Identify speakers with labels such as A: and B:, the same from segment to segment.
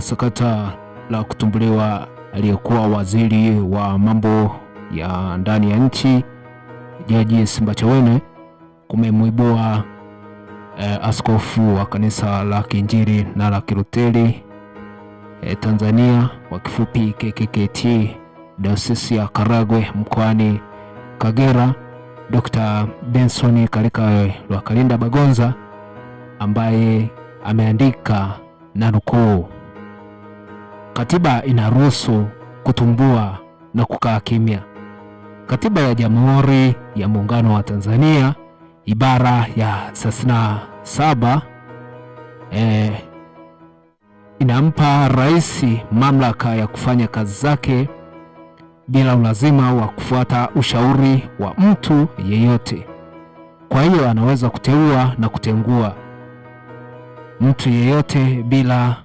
A: sakata la kutumbuliwa aliyekuwa waziri wa mambo ya ndani ya nchi Jaji Simbachawene kumemwibua eh, askofu wa kanisa la Kiinjili na la Kiluteri eh, Tanzania kwa kifupi KKKT Dayosisi ya Karagwe mkoani Kagera Dr. Benson Kalikawe Lwakalinda Bagonza ambaye ameandika na nukuu Katiba inaruhusu kutumbua na kukaa kimya. Katiba ya Jamhuri ya Muungano wa Tanzania ibara ya thelathini saba e, inampa rais mamlaka ya kufanya kazi zake bila ulazima wa kufuata ushauri wa mtu yeyote. Kwa hiyo anaweza kuteua na kutengua mtu yeyote bila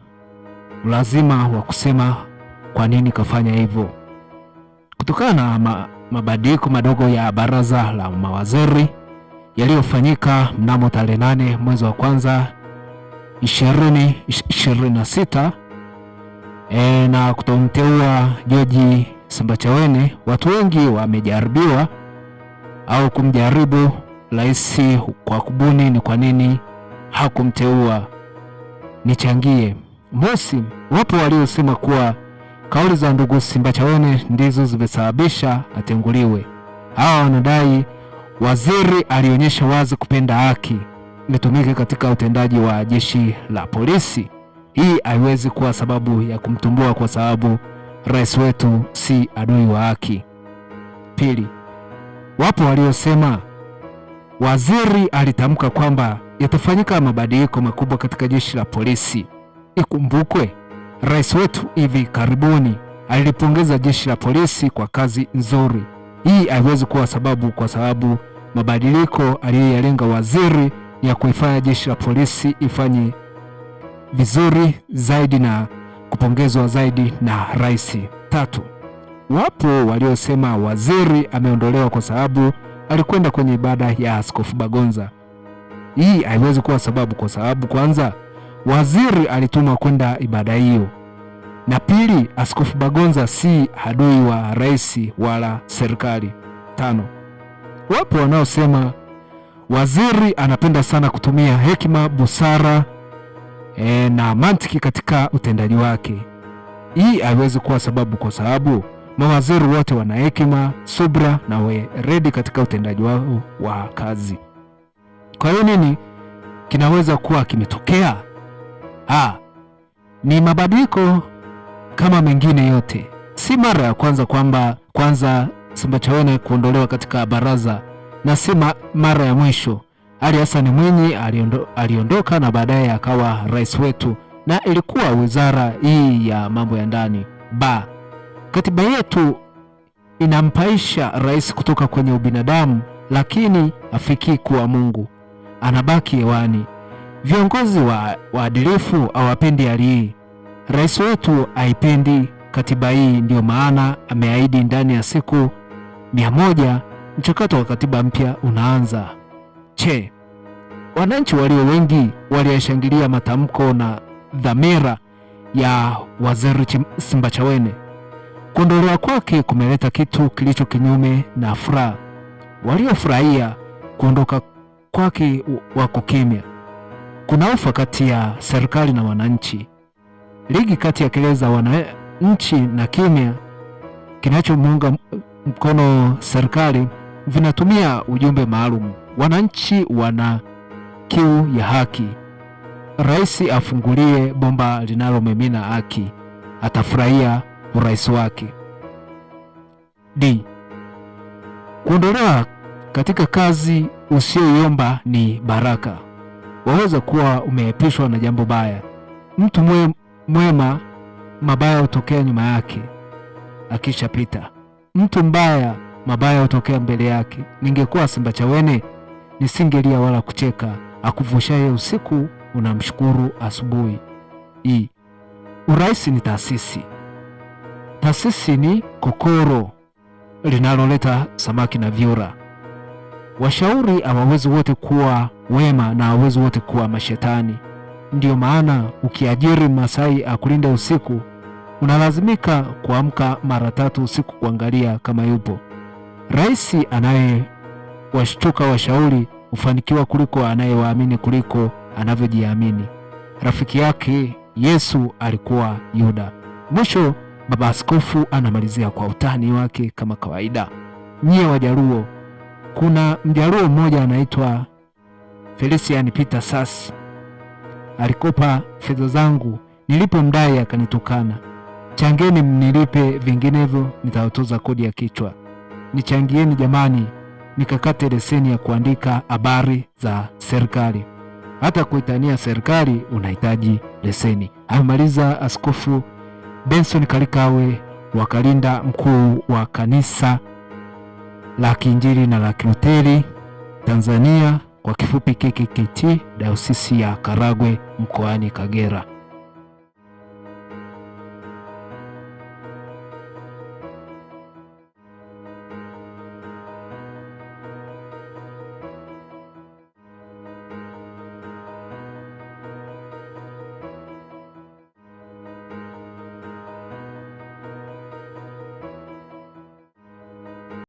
A: ulazima wa kusema kwa nini kafanya hivyo. Kutokana na ma, mabadiliko madogo ya baraza la mawaziri yaliyofanyika mnamo tarehe nane mwezi wa kwanza 2026 e, na kutomteua George Simbachawene, watu wengi wamejaribiwa au kumjaribu rais kwa kubuni ni kwa nini hakumteua. Nichangie mosi Wapo waliosema kuwa kauli za ndugu Simbachawene ndizo zimesababisha atenguliwe. Hawa wanadai waziri alionyesha wazi kupenda haki litumike katika utendaji wa jeshi la polisi. Hii haiwezi kuwa sababu ya kumtumbua kwa sababu rais wetu si adui wa haki. Pili, wapo waliosema waziri alitamka kwamba yatafanyika mabadiliko makubwa katika jeshi la polisi. Ikumbukwe Rais wetu hivi karibuni alilipongeza jeshi la polisi kwa kazi nzuri. Hii haiwezi kuwa sababu, kwa sababu mabadiliko aliyoyalenga waziri ya kuifanya jeshi la polisi ifanye vizuri zaidi na kupongezwa zaidi na rais. Tatu, wapo waliosema waziri ameondolewa kwa sababu alikwenda kwenye ibada ya Askofu Bagonza. Hii haiwezi kuwa sababu, kwa sababu kwanza waziri alitumwa kwenda ibada hiyo, na pili, Askofu Bagonza si hadui wa rais wala serikali. Tano, wapo wanaosema waziri anapenda sana kutumia hekima, busara e, na mantiki katika utendaji wake. Hii haiwezi kuwa sababu, kwa sababu mawaziri wote wana hekima, subra na weredi katika utendaji wao wa kazi. Kwa hiyo nini kinaweza kuwa kimetokea? Ha, ni mabadiliko kama mengine yote. Si mara ya kwanza kwamba kwanza Simbachawene kuondolewa katika baraza na si mara ya mwisho. Ali Hassan Mwinyi aliondo, aliondoka na baadaye akawa rais wetu, na ilikuwa wizara hii ya mambo ya ndani ba katiba yetu inampaisha rais kutoka kwenye ubinadamu, lakini afikii kuwa Mungu, anabaki hewani. Viongozi wa waadilifu hawapendi hali hii. Rais wetu haipendi katiba hii, ndiyo maana ameahidi ndani ya siku mia moja mchakato wa katiba mpya unaanza. Che, wananchi walio wengi waliyashangilia matamko na dhamira ya waziri Simbachawene. Kuondolewa kwake kumeleta kitu kilicho kinyume na furaha. Waliofurahia kuondoka kwake wako kimya. Kuna ufa kati ya serikali na wananchi, ligi kati ya kelele za wananchi na kimya kinachomuunga mkono serikali vinatumia ujumbe maalum. Wananchi wana kiu ya haki. Rais afungulie bomba linalomimina haki, atafurahia urais wake. D. Kuondolewa katika kazi usioiomba ni baraka waweza kuwa umeepishwa na jambo baya. Mtu mwema mabaya hutokea nyuma yake akishapita, mtu mbaya mabaya hutokea mbele yake. Ningekuwa simba chawene nisingelia wala kucheka, akuvushaye usiku unamshukuru asubuhi. i urais ni taasisi, taasisi ni kokoro linaloleta samaki na vyura. Washauri hawawezi wote kuwa wema na hawawezi wote kuwa mashetani. Ndiyo maana ukiajiri Masai akulinde usiku, unalazimika kuamka mara tatu usiku kuangalia kama yupo. Rais anayewashtuka washauri hufanikiwa kuliko anayewaamini kuliko anavyojiamini. Rafiki yake Yesu alikuwa Yuda. Mwisho, baba askofu anamalizia kwa utani wake kama kawaida. Nyie wajaruo kuna mjaruo mmoja anaitwa Felician Peter Sas alikopa fedha zangu, nilipomdai akanitukana. Changeni mnilipe, vinginevyo nitawatoza kodi ya kichwa. Nichangieni jamani, nikakate leseni ya kuandika habari za serikali. Hata kuitania serikali unahitaji leseni. Amaliza Askofu Benson Kalikawe, wakalinda mkuu wa kanisa la Kiinjili na la Kilutheri Tanzania, kwa kifupi KKKT, Dayosisi ya Karagwe mkoani Kagera.